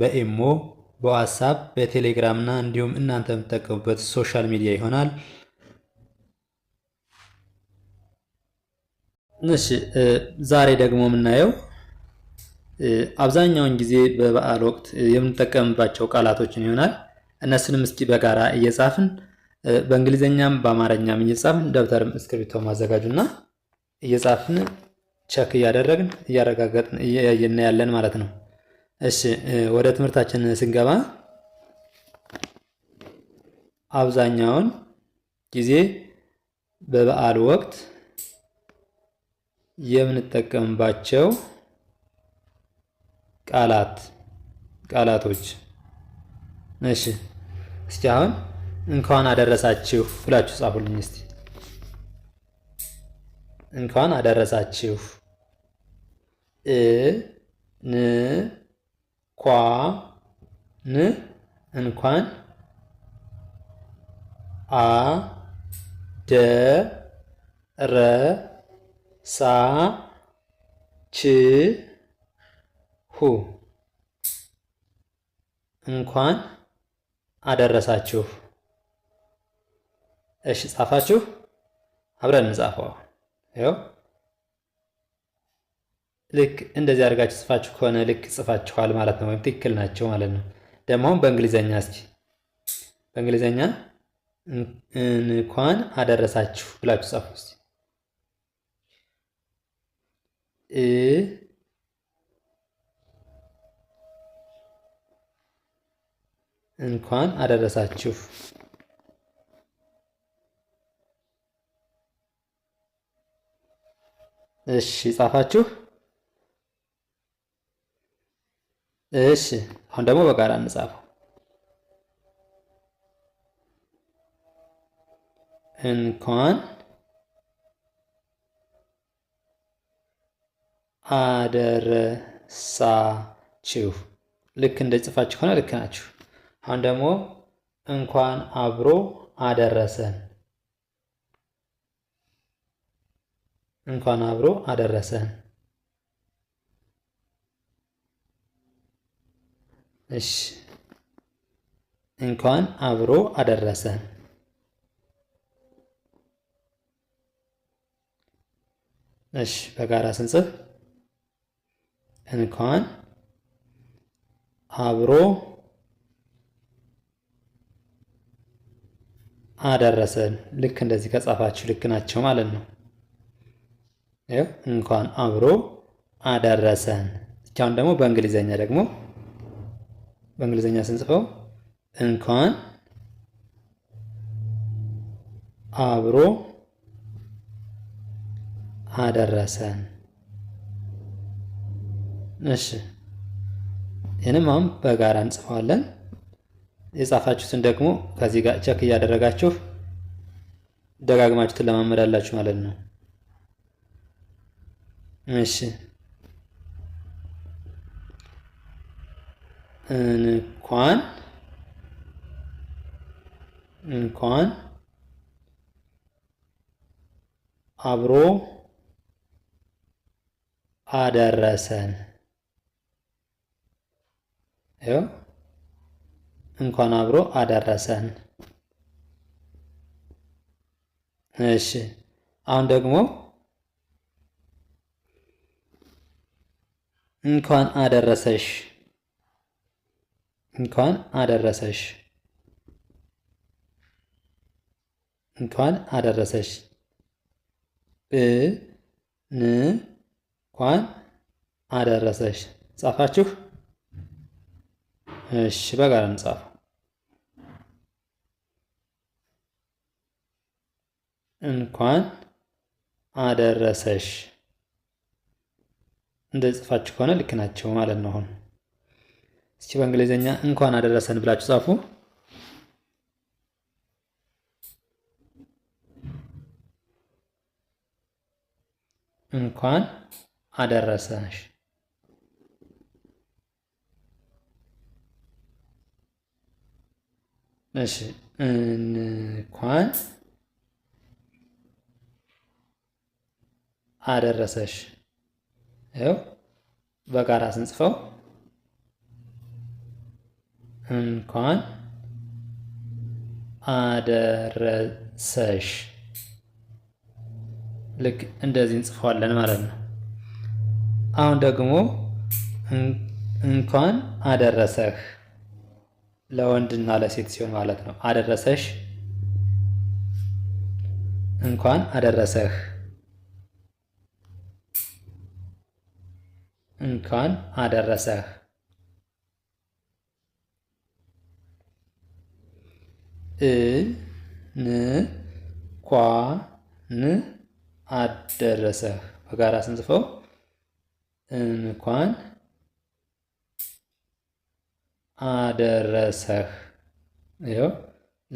በኤሞ በዋትሳፕ በቴሌግራም እና እንዲሁም እናንተ የምትጠቀሙበት ሶሻል ሚዲያ ይሆናል። እሺ ዛሬ ደግሞ የምናየው አብዛኛውን ጊዜ በበዓል ወቅት የምንጠቀምባቸው ቃላቶችን ይሆናል። እነሱንም እስኪ በጋራ እየጻፍን በእንግሊዝኛም በአማርኛም እየጻፍን ደብተርም እስክሪብቶ ማዘጋጁና እየጻፍን ቸክ እያደረግን እያረጋገጥን እያየን ያለን ማለት ነው። እሺ ወደ ትምህርታችን ስንገባ አብዛኛውን ጊዜ በበዓል ወቅት የምንጠቀምባቸው ቃላት ቃላቶች። እሺ እስኪ አሁን እንኳን አደረሳችሁ ብላችሁ ጻፉልኝ እስቲ። እንኳን አደረሳችሁ እ ን ኳ ን እንኳን አ ደ ረ ሳ ች ሁ እንኳን አደረሳችሁ። እሺ ጻፋችሁ? አብረን እንጻፈው። ልክ እንደዚህ አድርጋችሁ ጽፋችሁ ከሆነ ልክ ጽፋችኋል ማለት ነው፣ ወይም ትክክል ናቸው ማለት ነው። ደግሞም በእንግሊዘኛ እስኪ በእንግሊዘኛ እንኳን አደረሳችሁ ብላችሁ ጻፉ እስኪ እ እንኳን አደረሳችሁ እሺ ጻፋችሁ እሺ አሁን ደግሞ በጋራ እንጻፈው። እንኳን አደረሳችሁ። ልክ እንደ ጽፋችሁ ከሆነ ልክ ናችሁ። አሁን ደግሞ እንኳን አብሮ አደረሰን። እንኳን አብሮ አደረሰን። እሺ እንኳን አብሮ አደረሰ። እሺ በጋራ ስንጽፍ እንኳን አብሮ አደረሰን። ልክ እንደዚህ ከጻፋችሁ ልክ ናቸው ማለት ነው። እንኳን አብሮ አደረሰን። ብቻውን ደግሞ በእንግሊዘኛ ደግሞ በእንግሊዝኛ ስንጽፈው እንኳን አብሮ አደረሰን። እሺ ይህንም አሁን በጋራ እንጽፈዋለን። የጻፋችሁትን ደግሞ ከዚህ ጋር ቸክ እያደረጋችሁ ደጋግማችሁ ትለማመዳላችሁ ማለት ነው። እሺ እንኳን እንኳን አብሮ አደረሰን ይኸው እንኳን አብሮ አደረሰን። እሺ አሁን ደግሞ እንኳን አደረሰሽ እንኳን አደረሰሽ እንኳን አደረሰሽ እ ን ኳን አደረሰሽ ጻፋችሁ? እሺ፣ በጋራ እንጻፍ። እንኳን አደረሰሽ እንደጽፋችሁ ከሆነ ልክ ናቸው ማለት ነው አሁን እስቲ በእንግሊዝኛ እንኳን አደረሰን ብላችሁ ጻፉ። እንኳን አደረሰሽ። እሺ እንኳን አደረሰሽ። ይኸው በጋራ ስንጽፈው እንኳን አደረሰሽ። ልክ እንደዚህ እንጽፈዋለን ማለት ነው። አሁን ደግሞ እንኳን አደረሰህ ለወንድና ለሴት ሲሆን ማለት ነው። አደረሰሽ፣ እንኳን አደረሰህ፣ እንኳን አደረሰህ እል አደረሰህ በጋራ ስንጽፈው እንኳን አደረሰህ። ይኸው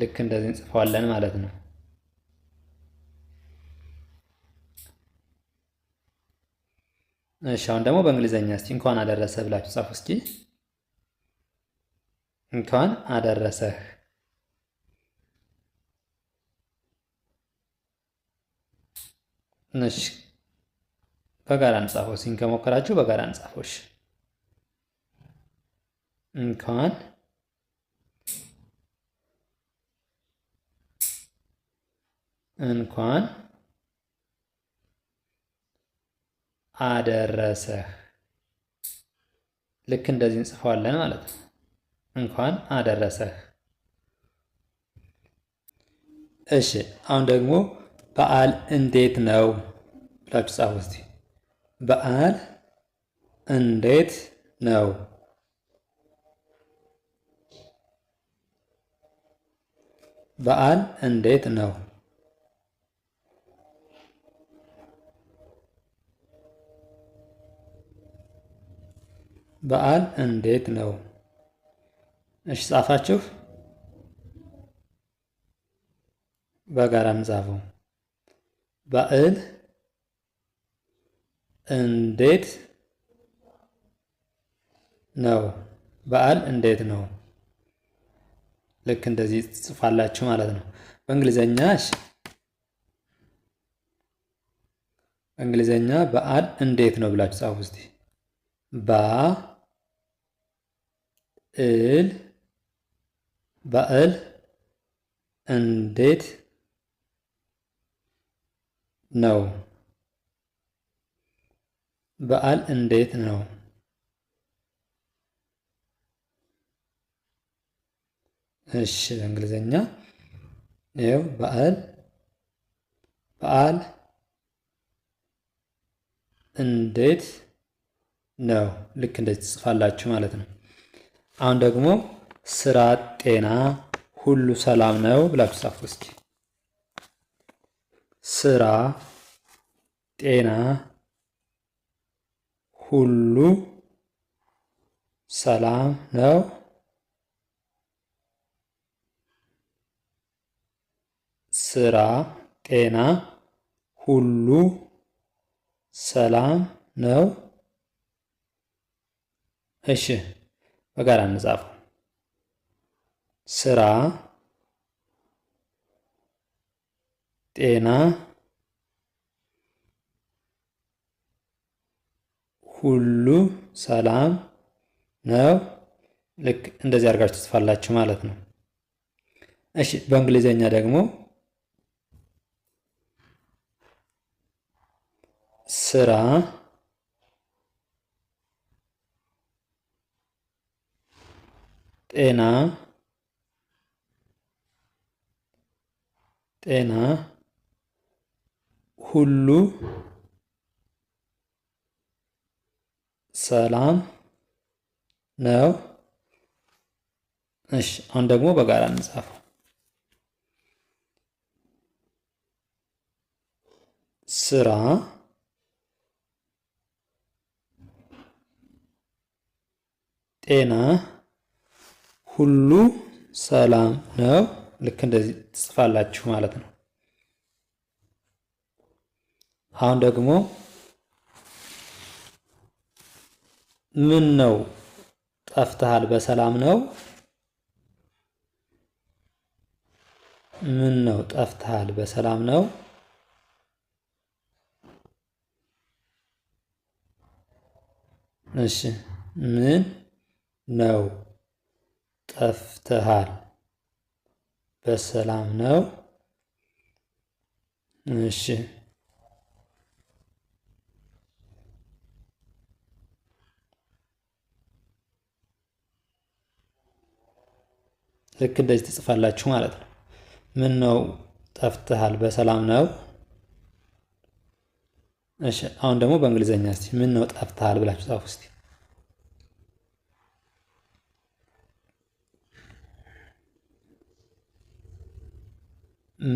ልክ እንደዚህ እንጽፈዋለን ማለት ነው። እሺ አሁን ደግሞ በእንግሊዘኛ እስኪ እንኳን አደረሰህ ብላችሁ ጻፉ። እስኪ እንኳን አደረሰህ እሺ በጋራ እንጻፈው። ሲን ከሞከራችሁ በጋራ እንጻፈው። እንኳን እንኳን አደረሰህ። ልክ እንደዚህ እንጽፈዋለን ማለት ነው። እንኳን አደረሰህ። እሺ አሁን ደግሞ በዓል እንዴት ነው ብላችሁ ጻፉ እስቲ። በዓል እንዴት ነው? በዓል እንዴት ነው? በዓል እንዴት ነው? እሺ ጻፋችሁ በጋራ እንጻፈው። በዓል እንዴት ነው? በዓል እንዴት ነው? ልክ እንደዚህ ጽፋላችሁ ማለት ነው። በእንግሊዘኛ በእንግሊዘኛ በዓል እንዴት ነው ብላችሁ ጻፉ እስቲ። እል በዓል እንዴት ነው። በዓል እንዴት ነው? እሺ በእንግሊዘኛ ይኸው በዓል በዓል እንዴት ነው? ልክ እንደ ትጽፋላችሁ ማለት ነው። አሁን ደግሞ ስራ፣ ጤና ሁሉ ሰላም ነው ብላችሁ ጻፉ እስኪ። ስራ፣ ጤና ሁሉ ሰላም ነው። ስራ፣ ጤና ሁሉ ሰላም ነው። እሺ፣ በጋራ እንጻፈው። ስራ ጤና ሁሉ ሰላም ነው። ልክ እንደዚህ አድርጋችሁ ትጽፋላችሁ ማለት ነው። እሺ በእንግሊዘኛ ደግሞ ስራ ጤና ጤና ሁሉ ሰላም ነው። እሺ አሁን ደግሞ በጋራ እንጻፈው። ስራ ጤና ሁሉ ሰላም ነው። ልክ እንደዚህ ትጽፋላችሁ ማለት ነው። አሁን ደግሞ ምን ነው ጠፍተሃል? በሰላም ነው? ምን ነው ጠፍተሃል? በሰላም ነው? እሺ ምን ነው ጠፍተሃል? በሰላም ነው? እሺ ልክ እንደዚህ ትጽፋላችሁ ማለት ነው። ምን ነው ጠፍትሃል በሰላም ነው? እሺ፣ አሁን ደግሞ በእንግሊዘኛ እስቲ ምን ነው ጠፍትሃል ብላችሁ ጻፉ እስቲ።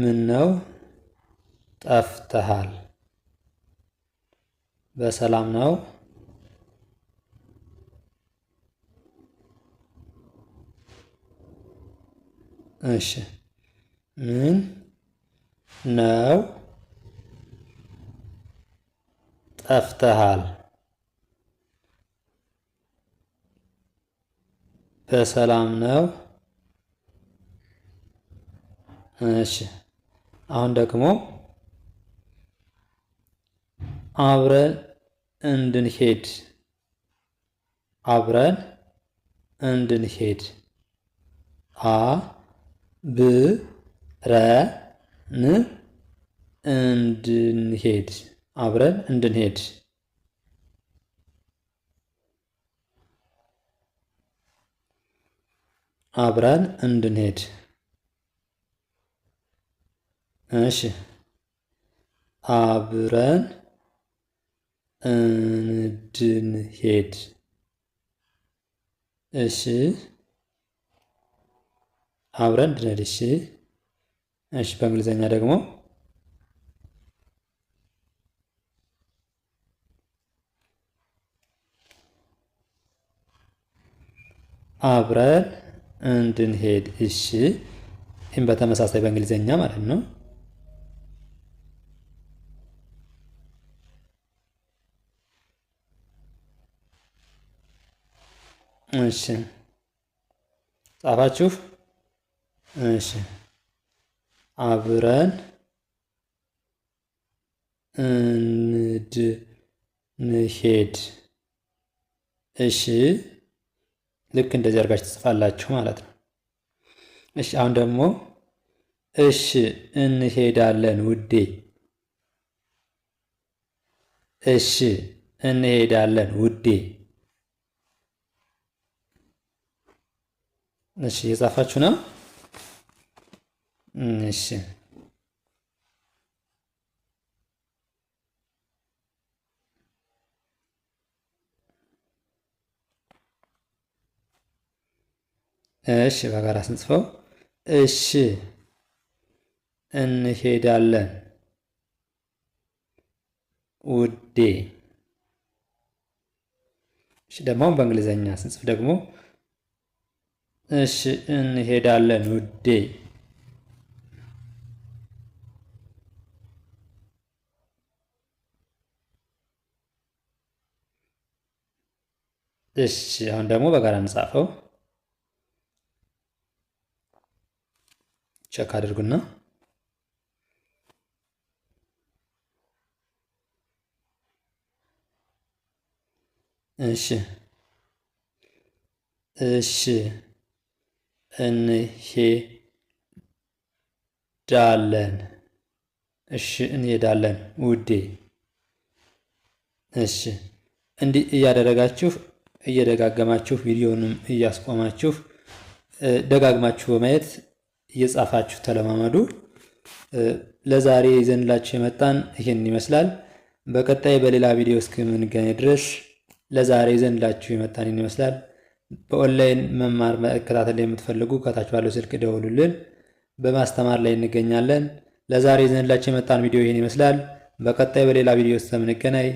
ምን ነው ጠፍተሃል? በሰላም ነው? እሺ ምን ነው ጠፍተሃል? በሰላም ነው? እሺ አሁን ደግሞ አብረን እንድንሄድ አብረን እንድንሄድ አ ብረን እንድንሄድ አብረን እንድንሄድ አብረን እንድንሄድ። እሺ አብረን እንድንሄድ። እሺ አብረን ድረድ። እሺ፣ እሺ። በእንግሊዘኛ ደግሞ አብረን እንድንሄድ። እሺ፣ ይህም በተመሳሳይ በእንግሊዘኛ ማለት ነው። እሺ፣ ጻፋችሁ። እሺ አብረን ንሄድ እሺ ልክ እንደዚህ አድርጋችሁ ትጽፋላችሁ ማለት ነው። እሺ አሁን ደግሞ እሺ እንሄዳለን ውዴ፣ እሺ እንሄዳለን ውዴ። እሺ የጻፋችሁ ነው። እሺ እሺ በጋራ ስንጽፈው እሺ እንሄዳለን ውዴ። እሺ ደግሞ በእንግሊዘኛ ስንጽፍ ደግሞ እሺ እንሄዳለን ውዴ እሺ አሁን ደግሞ በጋራ እንጻፈው። ቸክ አድርጉና እሺ እሺ እንሄዳለን። እሺ እንሄዳለን ውዴ። እሺ እንዲህ እያደረጋችሁ እየደጋገማችሁ ቪዲዮንም እያስቆማችሁ ደጋግማችሁ በማየት እየጻፋችሁ ተለማመዱ። ለዛሬ ይዘንላችሁ የመጣን ይህን ይመስላል። በቀጣይ በሌላ ቪዲዮ እስከምንገናኝ ድረስ ለዛሬ ይዘንላችሁ የመጣን ይህን ይመስላል። በኦንላይን መማር መከታተል የምትፈልጉ ከታች ባለው ስልክ ደውሉልን። በማስተማር ላይ እንገኛለን። ለዛሬ ይዘንላችሁ የመጣን ቪዲዮ ይህን ይመስላል። በቀጣይ በሌላ ቪዲዮ እስከምንገናኝ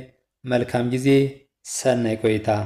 መልካም ጊዜ፣ ሰናይ ቆይታ